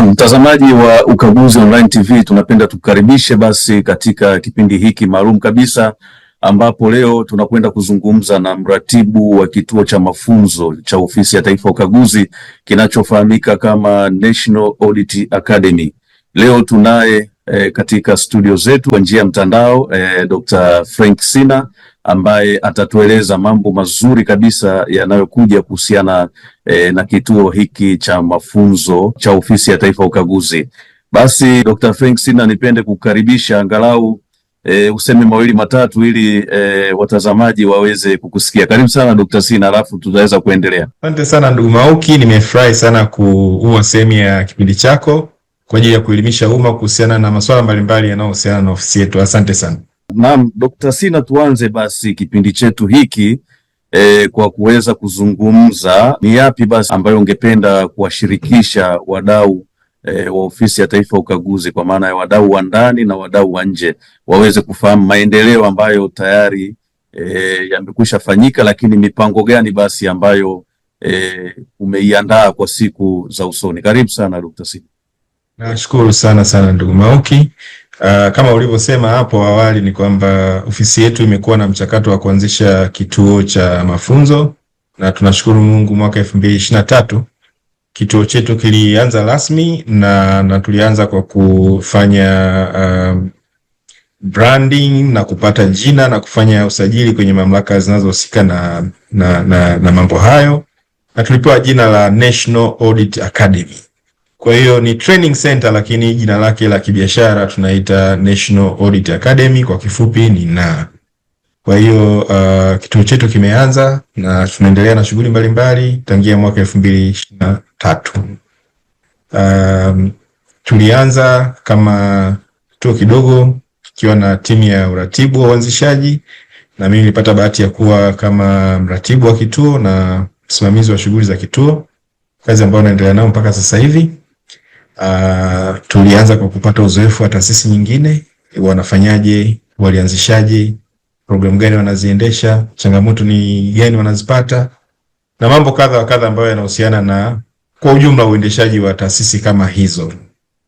Naam, mtazamaji wa Ukaguzi Online TV, tunapenda tukukaribishe basi katika kipindi hiki maalum kabisa ambapo leo tunakwenda kuzungumza na mratibu wa kituo cha mafunzo cha Ofisi ya Taifa ya Ukaguzi kinachofahamika kama National Audit Academy. Leo tunaye eh, katika studio zetu kwa njia ya mtandao eh, Dr. Frank Sina ambaye atatueleza mambo mazuri kabisa yanayokuja kuhusiana e, na kituo hiki cha mafunzo cha Ofisi ya Taifa Ukaguzi. Basi Dr. Frank Sina, nipende kukaribisha angalau e, useme mawili matatu ili e, watazamaji waweze kukusikia. Karibu sana Dr. Sina, alafu tutaweza kuendelea. Asante sana ndugu Mauki, nimefurahi sana kuwa sehemu ya kipindi chako kwa ajili ya kuelimisha umma kuhusiana na masuala mbalimbali yanayohusiana na ofisi yetu. Asante sana. Naam, Dr. Sina, tuanze basi kipindi chetu hiki e, kwa kuweza kuzungumza ni yapi basi ambayo ungependa kuwashirikisha wadau e, wa Ofisi ya Taifa ya Ukaguzi, kwa maana ya wadau wa ndani na wadau wa nje waweze kufahamu maendeleo ambayo tayari e, yamekwisha fanyika, lakini mipango gani basi ambayo e, umeiandaa kwa siku za usoni. Karibu sana Dr. Sina. Nashukuru sana sana ndugu Mauki Uh, kama ulivyosema hapo awali ni kwamba ofisi yetu imekuwa na mchakato wa kuanzisha kituo cha mafunzo na tunashukuru Mungu mwaka elfu mbili ishirini na tatu kituo chetu kilianza rasmi na, na tulianza kwa kufanya um, branding na kupata jina na kufanya usajili kwenye mamlaka zinazohusika na, na, na, na mambo hayo na tulipewa jina la National Audit Academy kwa hiyo ni training center, lakini jina lake la kibiashara tunaita National Audit Academy, kwa kifupi ni NAA. Kwa hiyo uh, kituo chetu kimeanza na tunaendelea na shughuli mbalimbali tangia mwaka elfu mbili ishirini na tatu. Um, tulianza kama kituo kidogo kikiwa na timu ya uratibu wa uanzishaji, na mimi nilipata bahati ya kuwa kama mratibu wa kituo na msimamizi wa shughuli za kituo, kazi ambayo naendelea nayo mpaka sasa hivi. Uh, tulianza kwa kupata uzoefu wa taasisi nyingine, wanafanyaje, walianzishaje, programu gani wanaziendesha, changamoto ni gani wanazipata, na mambo kadha wa kadha ambayo yanahusiana na kwa ujumla uendeshaji wa taasisi kama hizo.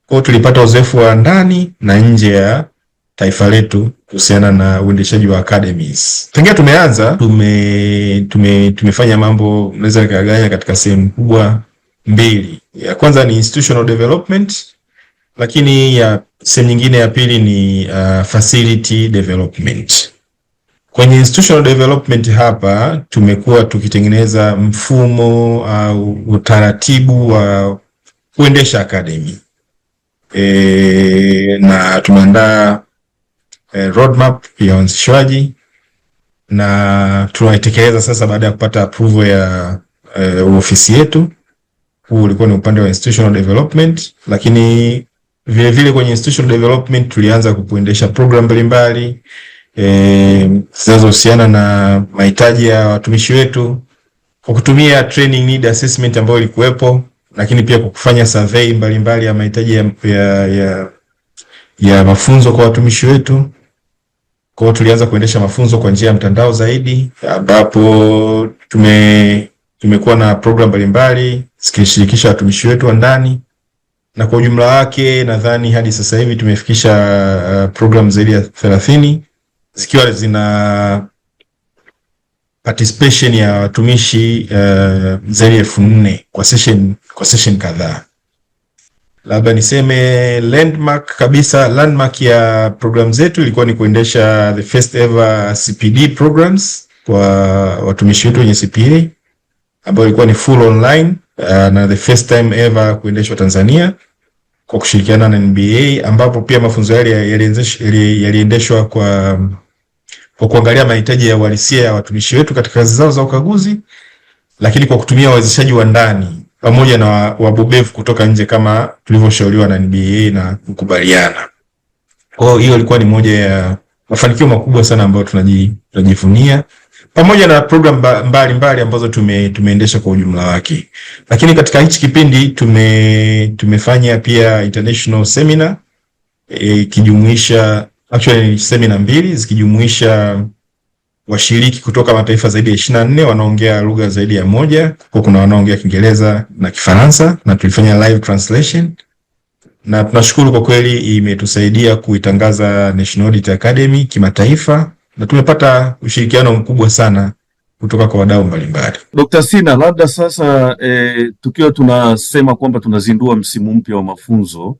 Kwa tulipata uzoefu wa ndani na nje ya taifa letu kuhusiana na uendeshaji wa academies. Tangia tumeanza tume, tume, tumefanya mambo naweza nikaganya katika sehemu kubwa mbili. Ya kwanza ni institutional development, lakini ya sehemu nyingine ya pili ni uh, facility development. Kwenye institutional development hapa tumekuwa tukitengeneza mfumo au uh, utaratibu wa uh, kuendesha academy e, na tumeandaa uh, roadmap ya uanzishwaji na tunaitekeleza sasa baada ya kupata approval ya uh, ofisi yetu huu ulikuwa ni upande wa institutional development, lakini vile vile kwenye institutional development tulianza kuendesha program mbalimbali eh, zinazohusiana e, na mahitaji ya watumishi wetu kwa kutumia training need assessment ambayo ilikuwepo, lakini pia kwa kufanya survey mbalimbali mbali ya mahitaji ya, ya, ya, ya mafunzo kwa watumishi wetu. Kwa hiyo tulianza kuendesha mafunzo kwa njia ya mtandao zaidi, ambapo tume tumekuwa na program mbalimbali zikishirikisha watumishi wetu wa ndani, na kwa ujumla wake nadhani hadi sasa hivi tumefikisha uh, program zaidi ya thelathini zikiwa zina participation ya watumishi uh, zaidi ya elfu nne kwa session kwa session kadhaa. Labda niseme landmark kabisa, landmark ya programu zetu ilikuwa ni kuendesha the first ever CPD programs kwa watumishi wetu wenye CPA ambayo ilikuwa ni full online Uh, na the first time ever kuendeshwa Tanzania kwa kushirikiana na NBA ambapo pia mafunzo yale yaliendeshwa kwa kwa kuangalia mahitaji ya uhalisia ya watumishi wetu katika kazi zao za ukaguzi, lakini kwa kutumia wawezeshaji wa ndani pamoja na wabobevu kutoka nje kama tulivyoshauriwa na NBA na kukubaliana. Kwa hiyo ilikuwa ni moja ya mafanikio makubwa sana ambayo tunajivunia pamoja na program mbalimbali mbali ambazo tume, tumeendesha kwa ujumla wake, lakini katika hichi kipindi tume, tumefanya pia international seminar e, ikijumuisha e, actually seminar mbili zikijumuisha washiriki kutoka mataifa zaidi ya ishirini na nne wanaongea lugha zaidi ya moja. Kwa kuna wanaongea Kiingereza na Kifaransa na tulifanya live translation, na tunashukuru kwa kweli imetusaidia kuitangaza National Audit Academy kimataifa na tumepata ushirikiano mkubwa sana kutoka kwa wadau mbalimbali. Dkt. Sina, labda sasa e, tukiwa tunasema kwamba tunazindua msimu mpya wa mafunzo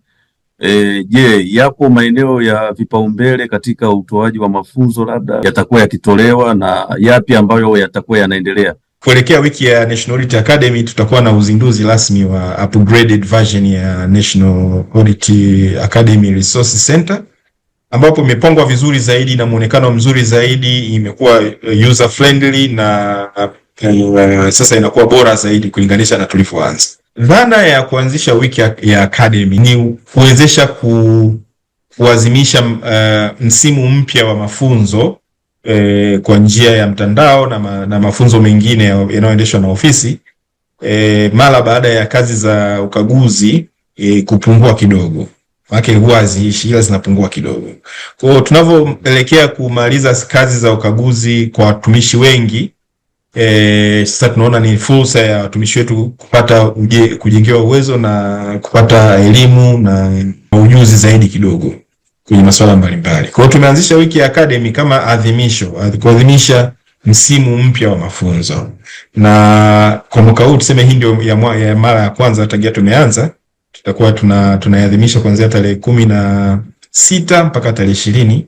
e, je, yapo maeneo ya vipaumbele katika utoaji wa mafunzo labda yatakuwa yakitolewa na yapi ambayo yatakuwa yanaendelea? Kuelekea wiki ya National Audit Academy tutakuwa na uzinduzi rasmi wa upgraded version ya National Audit Academy Resource Center ambapo imepangwa vizuri zaidi na muonekano mzuri zaidi, imekuwa eh, user friendly na eh, eh, sasa inakuwa bora zaidi kulinganisha na tulivyoanza. Dhana ya kuanzisha wiki ya, ya academy ni kuwezesha ku, kuazimisha uh, msimu mpya wa mafunzo eh, kwa njia ya mtandao na, ma, na mafunzo mengine yanayoendeshwa na ofisi eh, mara baada ya kazi za ukaguzi eh, kupungua kidogo. Maana huwa haziishi ila zinapungua kidogo. Kwa hiyo tunavyoelekea kumaliza kazi za ukaguzi kwa watumishi wengi e, sasa tunaona ni fursa ya watumishi wetu kupata kujengewa uwezo na kupata elimu na ujuzi zaidi kidogo kwenye masuala mbalimbali. Kwa hiyo tumeanzisha wiki ya academy kama adhimisho, kuadhimisha msimu mpya wa mafunzo, na kwa mwaka huu tuseme hii ndio ya mara ya kwanza tangia tumeanza tutakuwa tuna tunaadhimisha kuanzia tarehe kumi na sita mpaka tarehe ishirini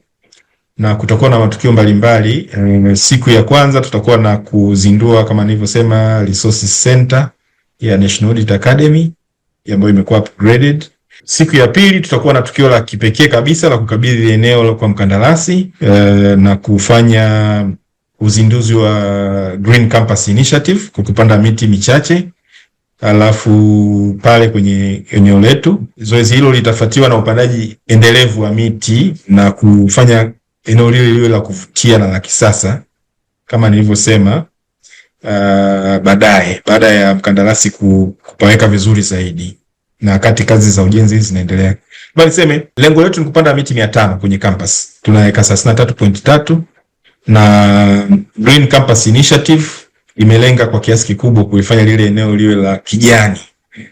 na kutakuwa na matukio mbalimbali mbali. Eh, siku ya kwanza tutakuwa na kuzindua kama nilivyosema resource Center ya National Audit Academy ambayo imekuwa upgraded. Siku ya pili tutakuwa na tukio la kipekee kabisa la kukabidhi eneo kwa mkandarasi eh, na kufanya uzinduzi wa Green Campus Initiative kwa kupanda miti michache alafu pale kwenye eneo letu. Zoezi hilo litafuatiwa na upandaji endelevu wa miti na kufanya eneo lile liwe la kuvutia na la kisasa kama nilivyosema. Uh, baadaye baada ya mkandarasi kupaweka vizuri zaidi na kati kazi za ujenzi zinaendelea, bali niseme lengo letu ni kupanda miti mia tano kwenye campus. Tuna eka thelathini na tatu point tatu na Green Campus Initiative imelenga kwa kiasi kikubwa kuifanya lile eneo liwe la kijani,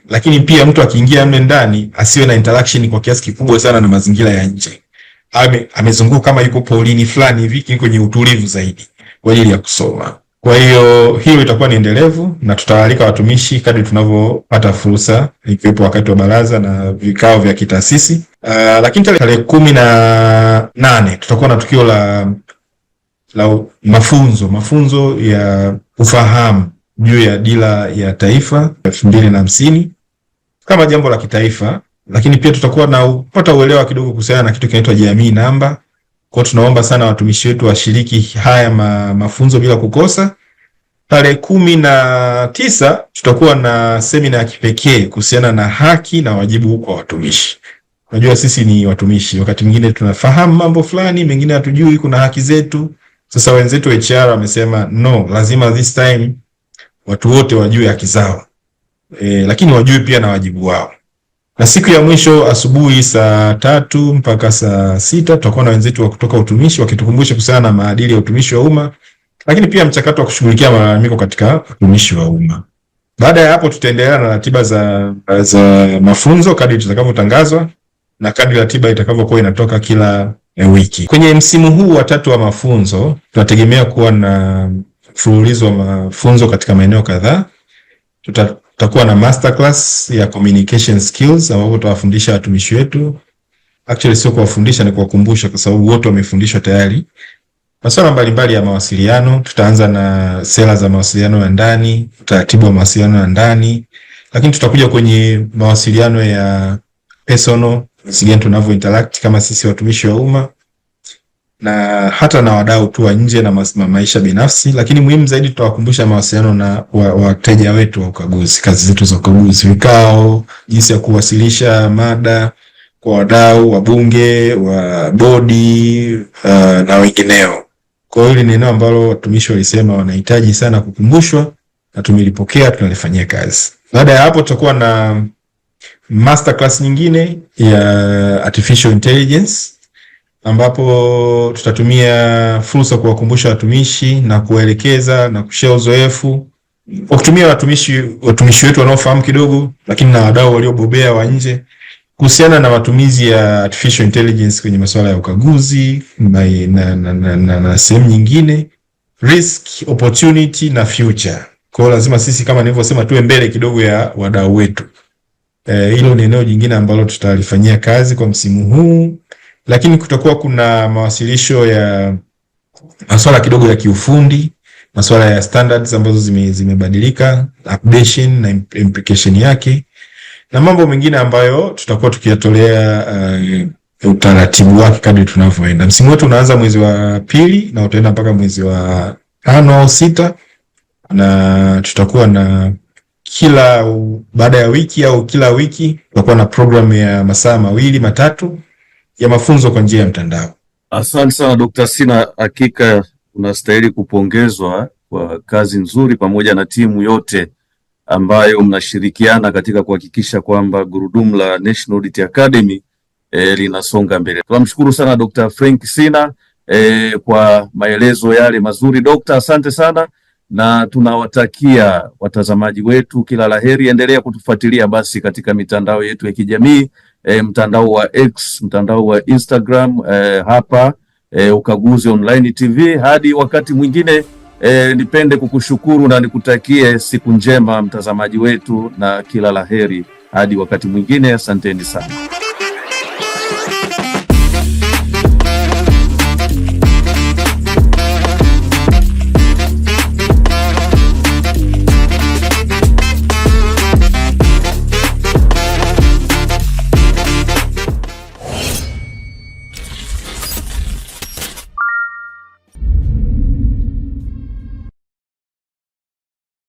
lakini pia mtu akiingia mle ndani asiwe na interaction kwa kiasi kikubwa sana na mazingira ya nje. Ame, amezunguka kama yuko polini fulani hivi kwenye utulivu zaidi kwa ajili ya kusoma. Kwa hiyo hiyo itakuwa ni endelevu na tutawaalika watumishi kadri tunavyopata fursa, ikiwepo wakati wa baraza na vikao vya kitaasisi. Uh, lakini tarehe kumi na nane tutakuwa na tukio la, la mafunzo mafunzo ya ufahamu juu ya dira ya taifa elfu mbili na hamsini kama jambo la kitaifa, lakini pia tutakuwa na upata uelewa kidogo kuhusiana na kitu kinaitwa jamii namba. Kwa tunaomba sana watumishi wetu washiriki haya ma, mafunzo bila kukosa. Tarehe kumi na tisa tutakuwa na semina ya kipekee kuhusiana na haki na wajibu kwa watumishi. Unajua sisi ni watumishi, wakati mwingine tunafahamu mambo fulani, mengine hatujui, kuna haki zetu sasa wenzetu wa HR wamesema no, lazima this time watu wote wajue haki zao e, lakini wajue pia na wajibu wao. Na siku ya mwisho asubuhi saa tatu mpaka saa sita tutakuwa na wenzetu wa kutoka utumishi wakitukumbusha kuhusiana na maadili ya utumishi wa umma, lakini pia mchakato wa kushughulikia malalamiko katika utumishi wa umma. Baada ya hapo, tutaendelea na ratiba za, za mafunzo kadri zitakavyotangazwa na kadri ratiba itakavyokuwa inatoka kila Eh, wiki. Kwenye msimu huu wa tatu wa mafunzo, tunategemea kuwa na mfululizo wa mafunzo katika maeneo kadhaa. Tutakuwa na masterclass ya communication skills ambapo tutawafundisha watumishi wetu, actually sio kuwafundisha, ni kuwakumbusha, kwa sababu wote wamefundishwa tayari masuala mbalimbali ya mawasiliano. Tutaanza na sera za mawasiliano ya ndani, utaratibu wa mawasiliano ya ndani, lakini tutakuja kwenye mawasiliano ya personal jinsi gani tunavyo interact kama sisi watumishi wa umma na hata na wadau tu wa nje na maisha binafsi, lakini muhimu zaidi tutawakumbusha mawasiliano na wateja wa wetu wa ukaguzi, kazi zetu za ukaguzi, vikao, jinsi ya kuwasilisha mada kwa wadau, wa bunge wa bodi uh, na wengineo. Kwa hiyo hili ni eneo ambalo watumishi walisema wanahitaji sana kukumbushwa, na tumelipokea tunalifanyia kazi. Baada ya hapo tutakuwa na masterclass nyingine ya artificial intelligence ambapo tutatumia fursa kuwakumbusha watumishi na kuwaelekeza na kushare uzoefu kwa kutumia watumishi watumishi wetu wanaofahamu kidogo, lakini na wadau waliobobea wa nje kuhusiana na matumizi ya artificial intelligence kwenye masuala ya ukaguzi na, na, na, na, na, na sehemu nyingine, risk, opportunity na future. Kwa hiyo lazima sisi kama nilivyosema tuwe mbele kidogo ya wadau wetu. Eh, hilo e, ni eneo jingine ambalo tutalifanyia kazi kwa msimu huu, lakini kutakuwa kuna mawasilisho ya masuala kidogo ya kiufundi, masuala ya standards ambazo zime, zimebadilika updation na implication yake na mambo mengine ambayo tutakuwa tukiyatolea uh, utaratibu wake kadri tunavyoenda. Msimu wetu unaanza mwezi wa pili na utaenda mpaka mwezi wa tano au sita, na tutakuwa na kila baada ya wiki au kila wiki tutakuwa na program ya masaa mawili matatu ya mafunzo kwa njia ya mtandao. Asante sana Dr. Sina, hakika unastahili kupongezwa kwa kazi nzuri pamoja na timu yote ambayo mnashirikiana katika kuhakikisha kwamba gurudumu la National Audit Academy e, linasonga mbele. Tunamshukuru sana Dr. Frank Sina e, kwa maelezo yale mazuri Dokta, asante sana na tunawatakia watazamaji wetu kila laheri. Endelea kutufuatilia basi katika mitandao yetu ya kijamii e, mtandao wa X, mtandao wa Instagram e, hapa e, Ukaguzi Online TV. Hadi wakati mwingine e, nipende kukushukuru na nikutakie siku njema mtazamaji wetu, na kila laheri hadi wakati mwingine. Asanteni sana.